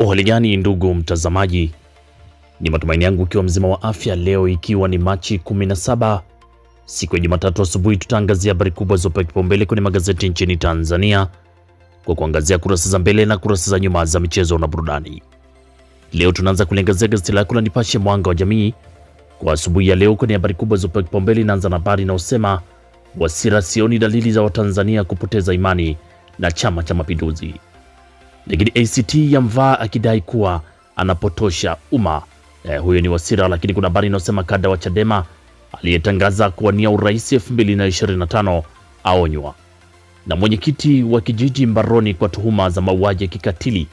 Uhali gani ndugu mtazamaji, ni matumaini yangu ukiwa mzima wa afya. Leo ikiwa ni Machi 17 siku ya Jumatatu asubuhi, tutaangazia habari kubwa zopewa kipaumbele kwenye magazeti nchini Tanzania kwa kuangazia kurasa za mbele na kurasa za nyuma za michezo na burudani. Leo tunaanza kuliangazia gazeti lako la Nipashe Mwanga wa Jamii kwa asubuhi ya leo kwenye habari kubwa zopewa kipaumbele. Inaanza na habari inayosema Wasira sioni dalili za Watanzania kupoteza imani na Chama cha Mapinduzi lakini ACT yamvaa akidai kuwa anapotosha umma. e, huyo ni Wasira. Lakini kuna habari inayosema kada wa Chadema aliyetangaza kuwania urais 2025 aonywa, na mwenyekiti wa kijiji mbaroni kwa tuhuma za mauaji ya kikatili.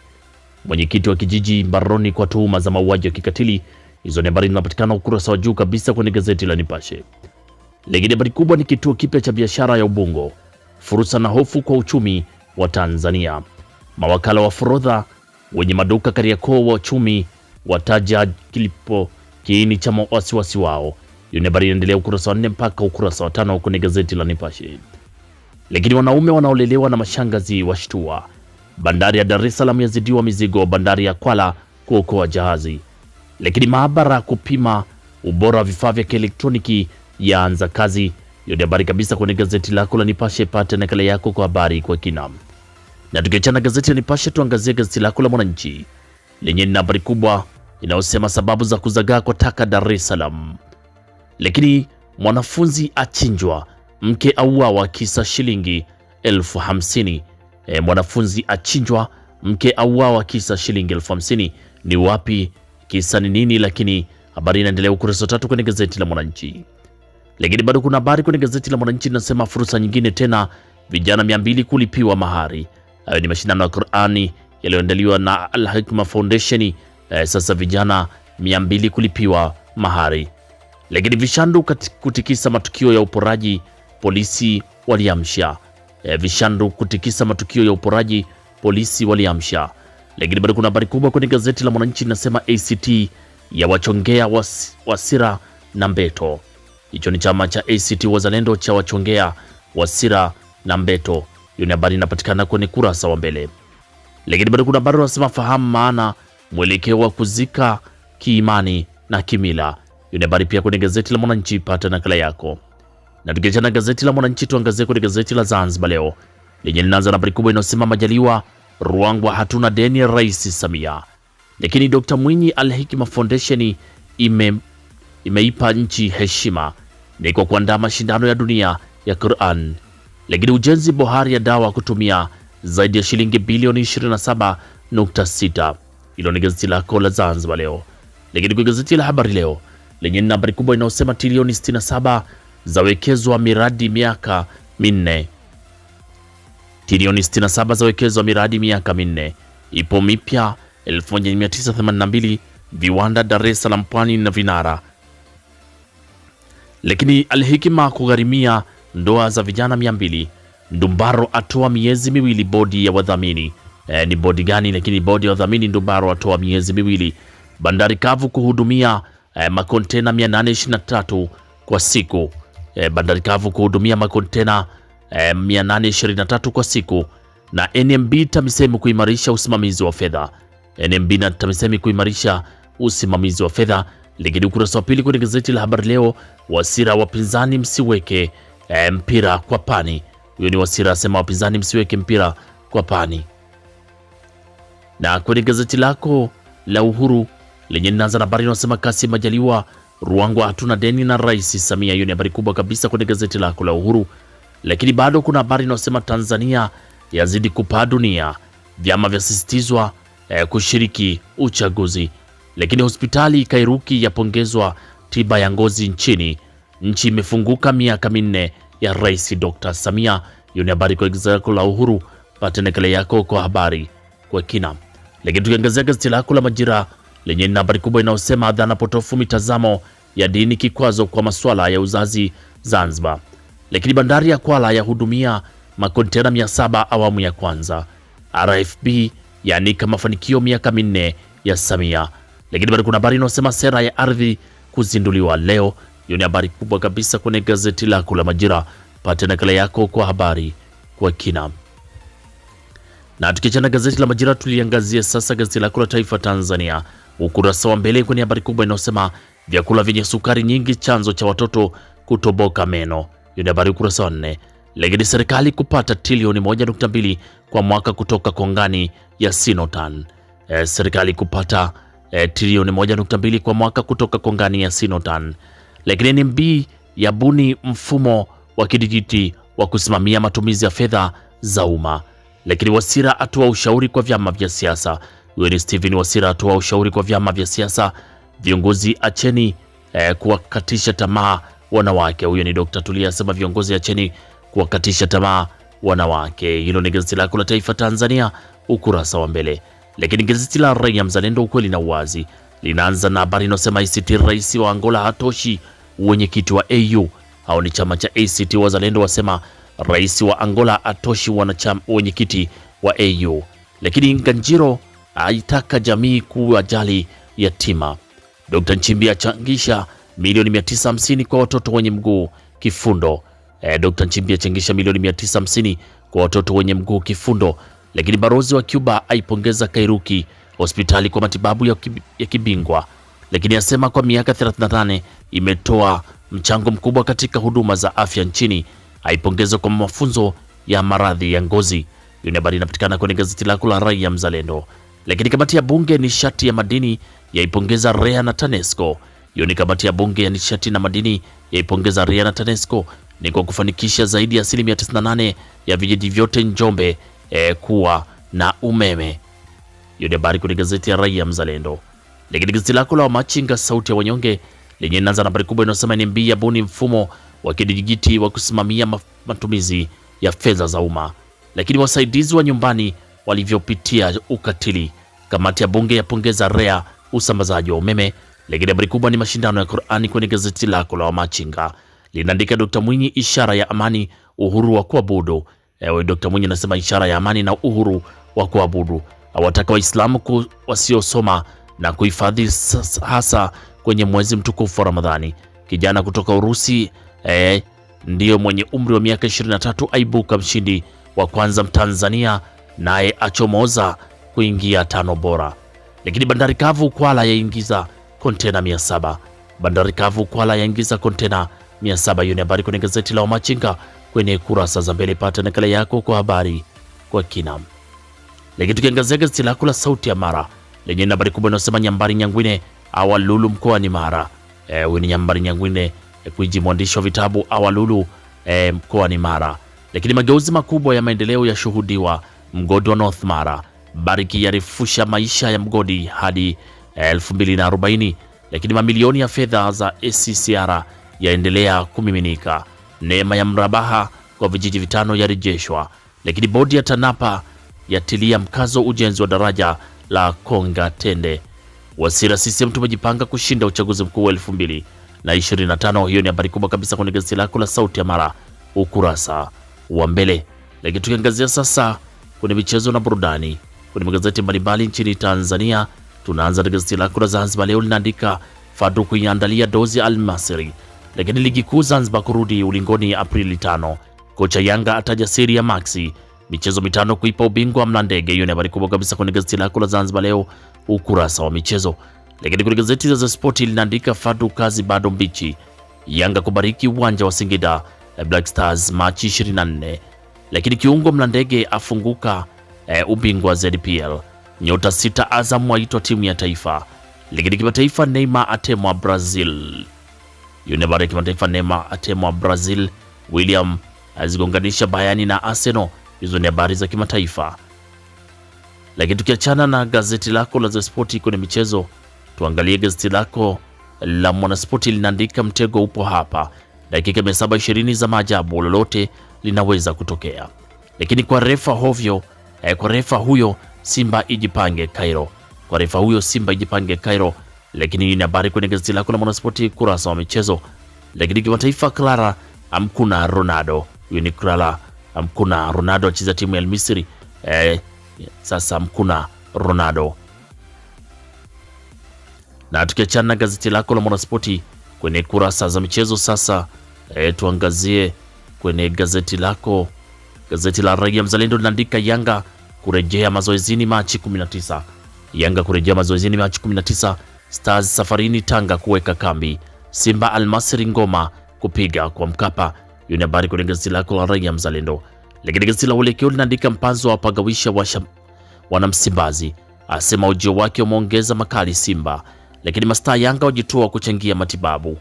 Mwenyekiti wa kijiji mbaroni kwa tuhuma za mauaji ya kikatili. Hizo ni habari zinapatikana ukurasa wa juu kabisa kwenye gazeti la Nipashe. Lakini habari kubwa ni kituo kipya cha biashara ya Ubungo, fursa na hofu kwa uchumi wa Tanzania. Mawakala wa forodha wenye maduka Kariakoo wa uchumi wataja kilipo kiini cha wasiwasi wao. Hiyo ni habari inaendelea ukurasa wa nne mpaka ukurasa wa tano kwenye gazeti la Nipashe. Lakini wanaume wanaolelewa na mashangazi washtua. Bandari ya Dar es Salaam yazidiwa mizigo, bandari ya Kwala kuokoa jahazi. Lakini maabara kupima ubora wa vifaa vya kielektroniki yaanza kazi. Hiyo ni habari kabisa kwenye gazeti lako la Nipashe. Pata nakala yako kwa habari kwa kina. Na tukiachana gazeti la Nipashe, tuangazie gazeti lako la Mwananchi lenye habari kubwa inayosema sababu za kuzagaa kwa taka Dar es Salaam, lakini mwanafunzi achinjwa, mke auawa kisa shilingi elfu hamsini. E, mwanafunzi achinjwa, mke auawa kisa shilingi elfu hamsini. Ni wapi kisa ni nini? Lakini habari inaendelea ukurasa tatu kwenye gazeti la Mwananchi, lakini bado kuna habari kwenye gazeti la Mwananchi inasema fursa nyingine tena, vijana mia mbili kulipiwa mahari Hayo ni mashindano ya Qur'ani yaliyoandaliwa na Al Hikma Foundation. Eh, sasa vijana 200 kulipiwa mahari. Lakini vishandu kutikisa matukio ya uporaji polisi waliamsha. Eh, vishandu kutikisa matukio ya uporaji polisi waliamsha. Lakini bado kuna habari kubwa kwenye gazeti la Mwananchi linasema ACT ya wachongea was, Wasira na Mbeto. Hicho ni chama cha ACT Wazalendo cha wachongea Wasira na Mbeto. Hiyo ni habari inapatikana kwenye kurasa wa mbele, lakini bado kuna habari wanasema fahamu maana mwelekeo wa kuzika kiimani na kimila. Hiyo ni habari pia kwenye gazeti la Mwananchi, pata nakala yako. Na tukiachana gazeti la Mwananchi, tuangazie kwenye gazeti la Zanzibar Leo lenye linaanza na habari kubwa inayosema Majaliwa, Ruangwa hatuna deni ya Rais Samia, lakini Dr Mwinyi Al Foundation ime, imeipa nchi heshima ni kwa kuandaa mashindano ya dunia ya Quran lakini ujenzi bohari ya dawa kutumia zaidi ya shilingi bilioni 27.6. Hilo ni gazeti lako la Zanzibar Leo. Lakini kwa gazeti la Habari Leo lenye nambari kubwa inayosema trilioni 67 zawekezwa miradi miaka minne, trilioni 67 zawekezwa miradi miaka minne, ipo mipya 1982 viwanda Dar es Salaam, Pwani na Vinara. Lakini Alhikima kugharimia ndoa za vijana mia mbili. Ndumbaro atoa miezi miwili bodi ya wadhamini. E, ni bodi gani? Lakini bodi ya wadhamini Ndumbaro atoa miezi miwili. Bandari kavu kuhudumia e, makontena 823 kwa siku. E, bandari kavu kuhudumia makontena e, 823 kwa siku. Na NMB TAMISEMI kuimarisha usimamizi wa fedha. NMB na TAMISEMI kuimarisha usimamizi wa fedha. Lakini ukurasa wa pili kwenye gazeti la Habari Leo, Wasira wapinzani msiweke e, mpira kwa pani. Huyo ni Wasira asema wapinzani msiweke mpira kwa pani. Na kwenye gazeti lako la Uhuru lenye ninaanza na habari inasema kasi Majaliwa Ruangwa hatuna deni na Rais Samia. Hiyo ni habari kubwa kabisa kwenye gazeti lako la Uhuru, lakini bado kuna habari inayosema Tanzania yazidi kupaa dunia, vyama vyasisitizwa eh, kushiriki uchaguzi. Lakini hospitali Kairuki yapongezwa tiba ya ngozi nchini, nchi imefunguka miaka minne ya Rais Dr. Samia. Hiyo ni habari kwa gazeti lako la Uhuru. Pata nakala yako kwa habari kwa kina. Lakini tukiangazia gazeti lako la Majira lenye ni habari kubwa inayosema dhana potofu, mitazamo ya dini kikwazo kwa masuala ya uzazi Zanzibar. Lakini bandari ya Kwala yahudumia makontena 700 awamu ya kwanza. RFB kama mafanikio miaka minne ya Samia. Lakini bado kuna habari inayosema sera ya ardhi kuzinduliwa leo hiyo ni habari kubwa kabisa kwenye gazeti lako la Majira. Pate nakala yako kwa habari kwa kina. Na tukichana gazeti la Majira, tuliangazia sasa gazeti lako la Taifa Tanzania ukurasa wa mbele kwenye habari kubwa inayosema vyakula vyenye sukari nyingi chanzo cha watoto kutoboka meno. Hiyo ni habari ukurasa wa nne. Lakini serikali kupata trilioni 1.2 kwa mwaka kutoka kongani ya Sinotan. E, serikali kupata e, trilioni 1.2 kwa mwaka kutoka kongani ya Sinotan lakini NMB yabuni mfumo wa kidijiti wa kusimamia matumizi ya fedha za umma. Lakini Wasira atoa ushauri kwa vyama vya siasa. Huyo ni Steven Wasira atoa ushauri kwa vyama vya siasa. Viongozi acheni eh, kuwakatisha tamaa wanawake. Huyo ni Dr. Tulia asema viongozi acheni kuwakatisha tamaa wanawake. Hilo ni gazeti lako la Taifa Tanzania ukurasa wa mbele. Lakini gazeti la Raia Mzalendo, ukweli na uwazi, linaanza na habari inayosema ICT, rais wa Angola hatoshi Wenyekiti wa AU au ni chama cha ACT Wazalendo wasema rais wa Angola atoshi wanachama wenyekiti wa AU. Lakini Nganjiro aitaka jamii kuwajali yatima. Dr. Nchimbi achangisha milioni 950 kwa watoto wenye mguu kifundo. E, Dr. Nchimbi achangisha milioni 950 kwa watoto wenye mguu kifundo. Lakini barozi wa Cuba aipongeza Kairuki hospitali kwa matibabu ya kibingwa, lakini asema kwa miaka 38 imetoa mchango mkubwa katika huduma za afya nchini, aipongezwa kwa mafunzo ya maradhi ya ngozi. Hiyo habari inapatikana kwenye gazeti lako la Raia Mzalendo. Lakini kamati ya bunge nishati ya madini yaipongeza REA na TANESCO. Hiyo ni kamati ya bunge ya nishati na madini yaipongeza REA na TANESCO ni kwa kufanikisha zaidi ya asilimia 98 ya vijiji vyote Njombe e, kuwa na umeme. Hiyo ni habari kwenye gazeti ya Raia Mzalendo. Lakini gazeti lako la Wamachinga sauti ya wanyonge lenye inaanza na habari kubwa inayosema NMB yabuni mfumo wa kidijiti wa kusimamia matumizi ya fedha za umma, lakini wasaidizi wa nyumbani walivyopitia ukatili. Kamati ya bunge yapongeza REA usambazaji wa umeme, lakini habari kubwa ni mashindano ya Qur'ani kwenye gazeti lako la Wamachinga linaandika Dr. Mwinyi ishara ya amani, uhuru wa kuabudu. Ewe Dr. Mwinyi anasema ishara ya amani na uhuru wa kuabudu, awataka Waislamu wasiosoma na kuhifadhi hasa kwenye mwezi mtukufu wa Ramadhani. Kijana kutoka Urusi eh, ndiyo mwenye umri wa miaka 23 aibuka mshindi wa kwanza Mtanzania naye achomoza kuingia tano bora. Lakini bandari kavu Kwala yaingiza kontena 700. Bandari kavu Kwala yaingiza kontena 700. Hiyo ni habari kwenye gazeti la Wamachinga kwenye kurasa za mbele. Pata nakala yako kwa habari kwa kina. Lakini tukiangazia gazeti lako la Sauti ya Mara lenye habari kubwa inayosema Nyambari Nyangwine Awalulu mkoani Mara. E, huyu Nyambari Nyangwine eh, Kwiji, mwandishi wa vitabu Awalulu e, mkoani Mara. Lakini mageuzi makubwa ya maendeleo yashuhudiwa mgodi wa North Mara. Bariki yarefusha maisha ya mgodi hadi 2040, lakini mamilioni ya fedha za SCCR yaendelea kumiminika. Neema ya mrabaha kwa vijiji vitano yarejeshwa, lakini bodi ya TANAPA yatilia mkazo ujenzi wa daraja la Konga Tende Wasira CCM tumejipanga kushinda uchaguzi mkuu wa 2025. Hiyo ni habari kubwa kabisa kwenye gazeti lako la Sauti ya Mara ukurasa wa mbele. Lakini tukiangazia sasa kwenye michezo na burudani kwenye magazeti mbalimbali nchini Tanzania, tunaanza na gazeti lako la Zanzibar Leo linaandika Fadu kuiandalia dozi Almasiri. Lakini ligi kuu Zanzibar kurudi ulingoni Aprili 5. Kocha Yanga ataja siri ya Maxi. Michezo mitano kuipa ubingwa Mlandege. Hiyo ni habari kubwa kabisa kwenye gazeti lako la Zanzibar Leo ukurasa wa michezo. Lakini kwenye gazeti za spoti linaandika Fadu kazi bado mbichi, Yanga kubariki uwanja wa Singida Black Stars Machi 24. Lakini kiungo Mlandege afunguka e, ubingwa wa ZPL, nyota sita Azam waitwa timu ya taifa. Lakini kimataifa Neymar atemwa Brazil. Habari ya kimataifa Neymar atemwa Brazil, William azigonganisha Bayani na Arsenal. Hizo ni habari za kimataifa. Lakini tukiachana na gazeti lako la Zespoti kwenye michezo, tuangalie gazeti lako la Mwanaspoti linaandika mtego upo hapa, dakika mia saba ishirini za maajabu, lolote linaweza kutokea. Lakini kwa refa hovyo, eh, kwa refa huyo Simba ijipange Cairo, kwa refa huyo Simba ijipange Cairo. Lakini hii ni habari kwenye gazeti lako la Mwanaspoti kurasa wa michezo. Lakini kimataifa, Clara amkuna Ronaldo, huyu ni Clara amkuna Ronaldo acheza timu ya Misri eh, sasa mkuna Ronaldo. Na tukiachana na gazeti lako la Mwanaspoti kwenye kurasa za michezo sasa, e, tuangazie kwenye gazeti lako gazeti la Raia Mzalendo linaandika Yanga kurejea mazoezini Machi 19. Yanga kurejea mazoezini Machi 19. Stars safarini Tanga kuweka kambi. Simba Almasri ngoma kupiga kwa Mkapa. Hiyo ni habari kwenye gazeti lako la Raia Mzalendo. Lakini gazeti la Uelekeo linaandika mpanzo wa pagawisha wa wanamsimbazi asema ujio wake umeongeza makali Simba, lakini mastaa Yanga wajitoa kuchangia matibabu.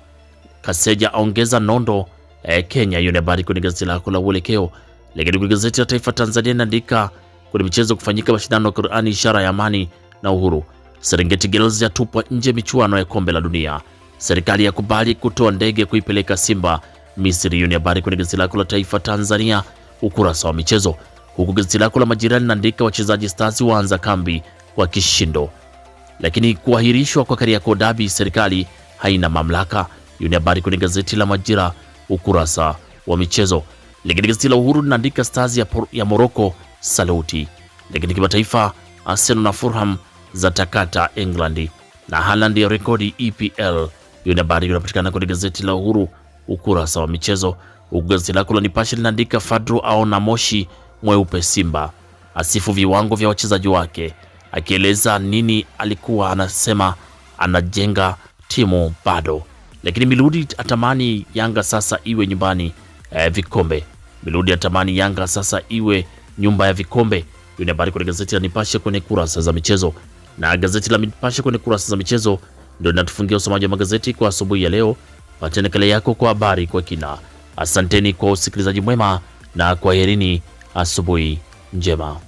Kaseja aongeza nondo eh, Kenya. Hiyo ni habari kwenye gazeti lako la Uelekeo. Lakini kwenye gazeti la Taifa Tanzania inaandika kwenye michezo kufanyika mashindano ya Qur'ani, ishara ya amani na uhuru. Serengeti Girls yatupwa nje michuano ya kombe la dunia. Serikali yakubali kutoa ndege kuipeleka Simba Misri. Hiyo ni habari kwenye gazeti lako la Taifa Tanzania ukurasa wa michezo, huku gazeti lako la Majira linaandika wachezaji Stars waanza kambi kwa kishindo, lakini kuahirishwa kwa Kariakoo Derby, serikali haina mamlaka. Hiyo ni habari kwenye gazeti la Majira ukurasa wa michezo. Lakini gazeti la Uhuru linaandika Stars ya, ya Morocco saluti. Lakini kimataifa, Arsenal na Fulham za takata England na Haaland ya rekodi EPL. Hiyo ni habari inapatikana kwenye gazeti la Uhuru ukurasa wa michezo. Gazeti lako la Nipashe linaandika Fadru aona moshi mweupe Simba, asifu viwango vya wachezaji wake, akieleza nini alikuwa anasema anajenga timu bado. Lakini Miludi atamani Yanga sasa iwe nyumbani eh, vikombe. Miludi atamani Yanga sasa iwe nyumba ya vikombe. Hiyo ni habari kwenye gazeti la Nipashe kwenye kurasa za michezo, na gazeti la Nipashe kwenye kurasa za michezo ndio linatufungia usomaji wa magazeti kwa asubuhi ya leo. Pata nakala yako kwa habari kwa kina. Asanteni kwa usikilizaji mwema na kwaherini, asubuhi njema.